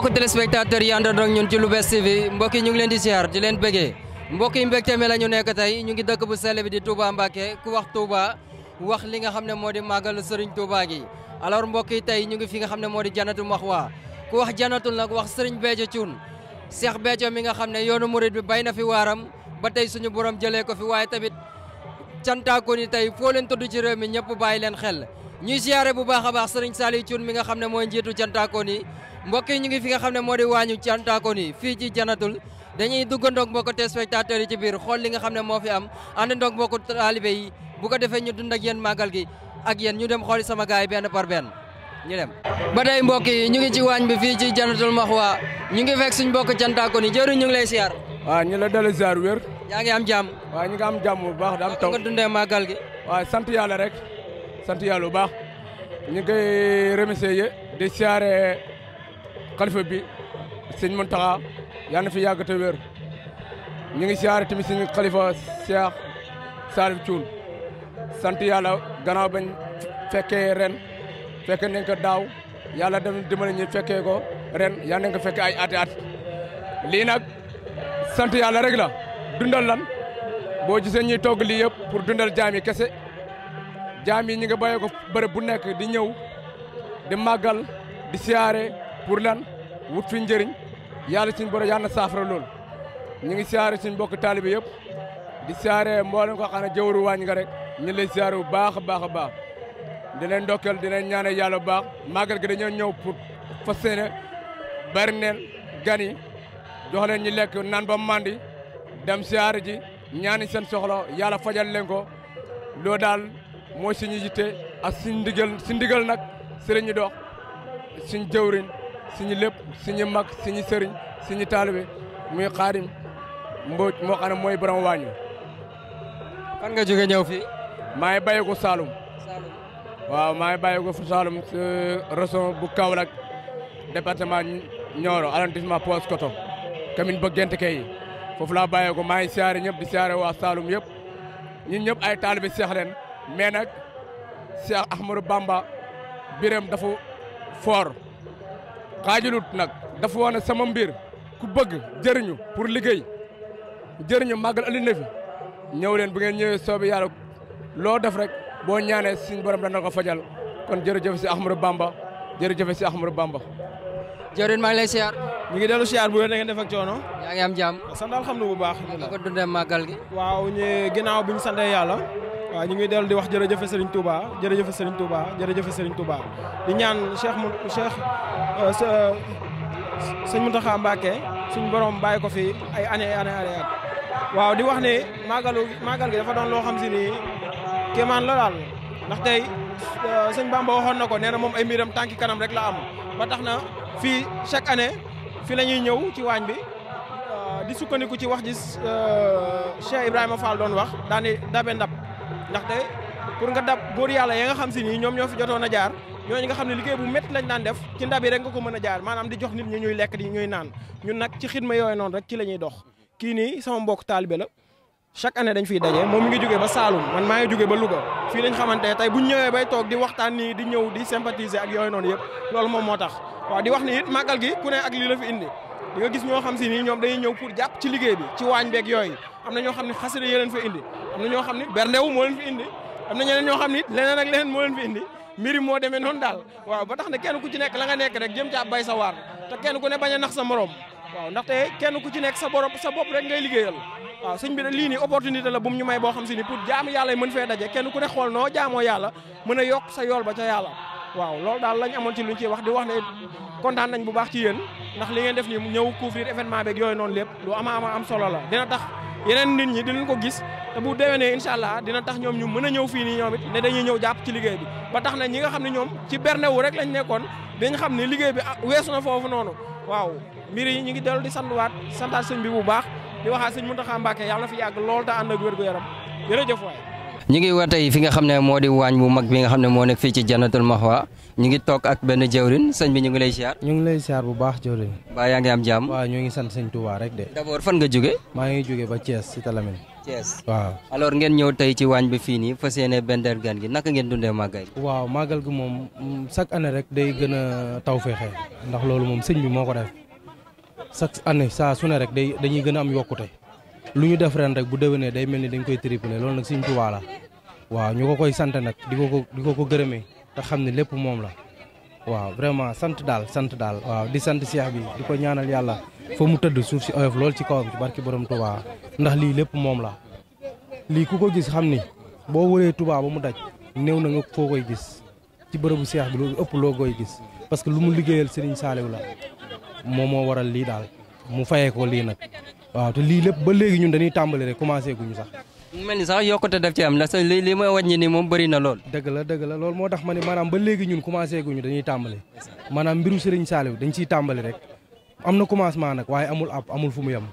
mbokk téléspectateurs yi àndoon ak ñun ci Lou'Bess TV mbokk yi ñu ngi leen di siyaar di leen bëggee mbokk yi mbégte mi la ñu nekk tey ñu ngi dëkk bu sell bi di Touba Mbacké ku wax Touba wax li nga xam ne moo di màggal Serigne Touba gi alors mbokk yi tey ñu ngi fi nga xam ne moo di Jannatul Mahwa ku wax Jannatul nag wax Serigne Béthio Thioune Cheikh Béthio mi nga xam ne yoonu murid bi bay na fi waaram ba tey suñu borom jëlee ko fi waaye tamit cantaako ni tey foo leen tudd ci réew mi ñëpp bàyyi leen xel ñuy siyaare bu baax a baax sëriñ Saliou Thioune mi nga xam ne mooy njiitu cantakoon yi mbokk yi ñu ngi fi nga xam ne moo di waañu cantakoon yi fii ci janatul dañuy duggandoog mbokk te yi ci biir xool li nga xam ne moo fi am àndandoog mbokk taalibe yi bu ko defee ñu dund ak yéen màggal gi ak yéen ñu dem xooli sama gaay benn par ben ñu dem ba tey mbokk ñu ngi ci waañ bi fii ci janatul waa ñu ngi fekk suñ mbokk cantakoon yi jëru ñu ngi lay siyaar waaw ñu la dale siyaar wér yaa ngi am jàmm waaw ñu ngi am jàmm bu baax da am taw nga màggal gi waaw sant yàlla rek sant yàlla bu baax ñu ngi koy remercier ye di siyaare xalifa bi sëñ Mountakha yal na fi yàgg te wér ñu ngi siyaare tamit sëñ xalifa Cheikh Salif sant yàlla gannaaw bañ fekkee ren fekke nañ ko daaw yàlla dem dimbali ñu fekkee ko ren yaa nañ ko fekke ay ati at lii nag sant yàlla rek la dundal lan boo gisee ñuy togg lii yëpp pour dundal jaami kese jaam yi ñi nga bàyyee ko bërëb bu nekk di ñëw di màggal di siyaare pour lan wut fi njëriñ yàlla suñ borom yàlla na saafara lool ñu ngi siyaare suñ bokk taalibe yëpp di siyaare mboolem ko xam ne jawru waañ nga rek ñu lay siyaare bu baax a baax a baax di leen ndokkal di leen ñaanal yàlla bu baax màggal gi dañoo ñëw pour fas yéene bari neen gan yi jox leen ñu lekk naan ba mandi dem siyaare ji ñaani seen soxla yàlla fajal leen ko mooy suñu yitte ak suñ ndigal si ndigal nag si la ñu dox suñ jëwriñ suñu lépp suñu mag suñu sëriñ suñu taalibe muy xaadim mbooj moo xam mooy borom waañ fan nga jóge ñëw fii maa ngi bàyyi ko Saloum waaw maa ngi bàyyi ko fu Saloum si région bu Kaolack département Nioro arrondissement Paoskoto commune ba Gént Kay foofu laa bàyyi ko maa ngi siyaare ñëpp di siyaare waa Saloum yëpp ñun ñëpp ay taalibe seex mais nag Cheikh Ahmadou Bamba biram dafa foor xaajalut nag dafa woon sama mbir ku bëgg jëriñu pour liggéey jëriñu màggal andi na ñëw leen bu ngeen ñëwee soobi yàlla loo def rek boo ñaanee suñ borom dana ko fajal kon jërëjëf si Ahmadou Bamba jërëjëf si Ahmadou Bamba. jërëjëf maa ngi lay siyaar. ñu ngi dellu siyaar bu wér da def ak coono. yaa ngi am jàmm. sant alhamdulilah bu baax. alhamdulilah nga màggal gi. waaw ñu ginnaaw bi ñu santee yàlla. waaw ñu ngi dellu di wax jërëjëf Serigne Touba jërëjëf Serigne Touba jërëjëf Serigne Touba di ñaan Cheikh mu Cheikh euh, sëñ euh, Mountakha Mbacké suñu borom bàyyi ko fi ay année année année waaw di wax ne màggalu màggal gi dafa doon loo xam si ni kéemaan la daal ndax tey euh, sëñ Bamba waxoon na ko nee moom ay mbiram tànki kanam rek la am ba tax na fii chaque année fii lañuy ñëw ci waañ bi di sukkandiku ci wax ji Cheikh Ibrahima Fall doon wax daani dabe ndab ndaxte pour nga dab góor yàlla ya nga xam si nii ñoom ñoo fi jotoon a jaar ñooñu nga xam ne liggéey bu métti lañ daan def ci ndab yi rek nga ko mën a jaar maanaam di jox nit ñi ñuy lekk di ñuy naan ñun nag ci xidma yooyu noonu rek ci la dox kii nii sama mbokk taalibe la chaque année dañ fiy daje moom mi ngi jógee ba Saalum man maa ngi jógee ba Louga fii lañ xamante tey bu ñu ñëwee bay toog di waxtaan nii di ñëw di sympathiser ak yooyu noonu yëpp loolu moom moo tax waaw di wax ni it gi ku ne ak lii indi di gis ñoo xam si nii ñoom dañuy ñëw pour jàpp ci liggéey bi ci waañ beeg yooyu am na ñoo xam ne xasida yi leen indi am na ñoo xam ni berndewu moo leen ñoo xam ni leneen ak leneen moo leen fi indi mbiri moo demee noonu daal waaw ba tax na kenn ku ci nekk la nga nekk rek jëm caa bay sa waar te kenn ku ne bañ a nax sa morom waaw ndaxte kenn ku ci nekk sa borom sa bopp rek ngay liggéeyal waaw sëñ bi de lii nii opportunité la bu mu ñu may boo xam si ni pour jaamu yàlla yi mën fee daje kenn ku ne xool noo jaamoo yàlla mën a yokk sa yool ba ca yàlla waaw loolu daal lañ amoon ci luñ ciy wax di wax ne kontaan nañ bu baax ci yéen ndax li ngeen def nii ñëw couvrir événement beeg yooyu noonu lépp lu ama ama am solo la dina tax yeneen nit ñi dinañ ko gis te bu déwénee incha allah dina tax ñoom ñu mën a ñëw fii nii ñoom ne dañuy ñëw jàpp ci liggéey bi ba tax na ñi nga xam ne ñoom ci bernewu rek lañ nekkoon dañ xam ne liggéey bi ah weesu na foofu noonu waaw mbir yi ñu ngi dellu di santuwaat santaat sëñ bi bu baax di waxaat sëñ Muntaxa Mbàkke yàlla na fi yàgg lool te ànd ak wér gu yaram jërëjëf waay ñu ngi war tey fi nga xam ne moo di waañ bu mag bi nga xam ne moo nekk fii ci Jannatul Mahwa ñu ngi toog ak benn jawrin sëñ bi ñu ngi lay siyaar ñu ngi lay siyaar bu baax jawrin baa yaa ngi am jàmm waaw ñoo ngi sant sëñ Touba rek de d'abord fan nga jóge maa ngi jóge ba Thiès si Talamine Thiès waaw alors ngeen ñëw tey ci waañ bi fii nii fas yéene bendeel gan gi naka ngeen dundee màggal gi waaw màggal gi moom chaque année rek day gën a taw feexee ndax loolu moom sëñ bi moo ko def chaque année saa su ne rek day dañuy gën a am yokkute lu ñu def ren rek bu déwénee day mel ni dañ koy triplé loolu nag Sëriñ Tuubaa la waaw ñu ko koy sant nag di ko ko di ko ko gërëmee te xam ne lépp moom la waaw vraiment sant daal sant daal waaw di sant Cheikh bi di ko ñaanal yàlla fa mu tëdd suuf si oyof lool ci kawam ci barki to Tuubaa ndax lii lépp moom la lii ku ko gis xam ni boo wëree Tuubaa ba mu daj néew na nga foo koy gis ci bërëbu Cheikh bi loolu ëpp loo koy gis parce que lu mu liggéeyal Serigne Saliou la moom moo waral lii mu fayee ko lii nag waaw te lii lépp ba léegi ñun dañuy tàmbali rek commencé guñu sax mu mel ni sax yokkute daf ci am ndax li li mooy wàññi ni moom bëri na lool dëgg la dëgg la loolu moo tax ma ne maanaam ba léegi ñun commencé guñu dañuy tàmbali maanaam mbiru Serigne Saliou dañ ciy tàmbali rek am na commencement nag waaye amul ab amul fu mu yem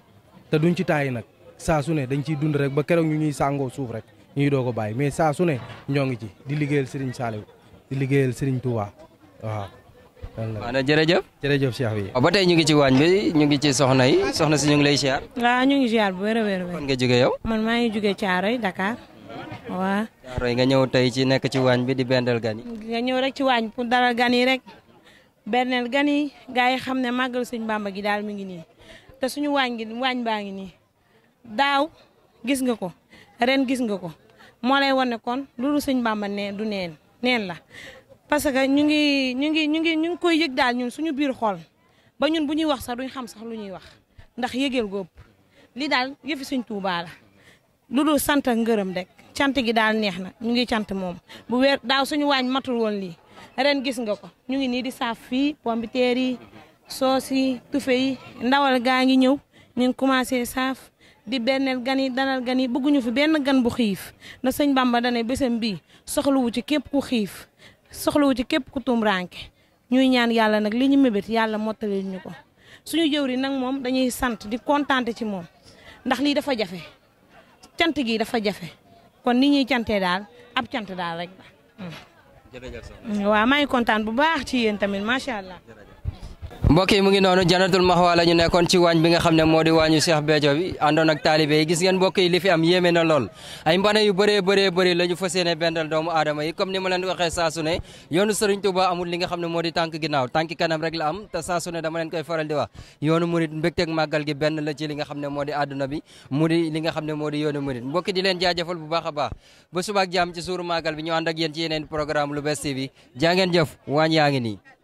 te duñ ci tàyyi nag saa su ne dañ ciy dund rek ba keroog ñu ñuy sàngoo suuf rek ñuy doo ko bàyyi mais saa ne ñoo ngi ci di liggéeyal Serigne Saliou di liggéeyal Serigne Touba waaw maanaam jërëjëf jërëjëf Cheikh bi ba tey ñu ngi ci waañ bi ñu ngi ci soxna yi soxna si ñu ngi lay ziar waaw ñu ngi ziar bu wér a wér fan nga jóge yow man maa ngi jóge Caaroy Dakar waaw Caaroy nga ñëw tey ci nekk ci waañ bi di bendal gan yi nga ñëw rek ci waañ pour dalal gan yi rek benneel gan yi gars yi xam ne màggal sëñ Bàmba gi daal mi ngi nii te suñu waañ gi waañ baa ngi nii daaw gis nga ko ren gis nga ko moo lay wan ne kon loolu sëñ Bàmba ne du neen neen la parce que ñu ngi ñu ngi ñu ngi ñu ngi koy yëg daal suñu biir xol ba ñun bu ñuy wax sax duñ xam sax lu ñuy wax ndax yëgeel góob li daal yëfi suñ Tuubaa lu dul sant ngërëm rek cant gi daal neex na ñu ngi cant moom bu weer daaw suñu waañ matul woon lii ren gis nga ko ñu ngi nii di saaf fii pombiteer yi soos yi tufe yi ndawal gaa ngi ñëw ñu ngi commencé saaf di benneel gan yi danal gan yi bëgguñu fi benn gan bu xiif na sëñ Bamba dane bésam bii soxlawu ci képp ku xiif soxlawu ci képp ku tuum ranke ñuy ñaan yàlla nag li ñu mébét yàlla mottali ñu ko suñu jëwri nag moom dañuy sant di kontaante ci moom ndax lii dafa jafe cant gi dafa jafe kon ni ñuy cantee daal ab cant daal rek la. jërëjëf mm. Mm. waaw maa ngi kontaan bu baax ci yéen tamit macha allah. mbokk yi mu ngi noonu janatul maxwa la ñu nekkoon ci waañ bi nga xam ne moo di waañu Cheikh Béthio bi àndoon ak taalibe yi gis ngeen mbokk yi li fi am yéeme na lool ay mbana yu bëree bëree bëri la ñu fas yéene bendal doomu aadama yi comme ni ma leen waxee saa su ne yoonu Serigne Touba amu li nga xam ne moo di tànk ginnaaw tànk kanam rek la am te saa su koy faral di wax yoonu murit mbégteeg màggal gi benn la ci li nga xam ne moo di àdduna bi mu di li nga xam ne moo di yoonu murit mbokki di leen jaajëfal bu baax a baax ba subaak jàmm ci suuru màggal bi ñu ànd ak yéen ci yeneen programme Lou'Bess TV jaa ngeen jëf waañ yaa ngi nii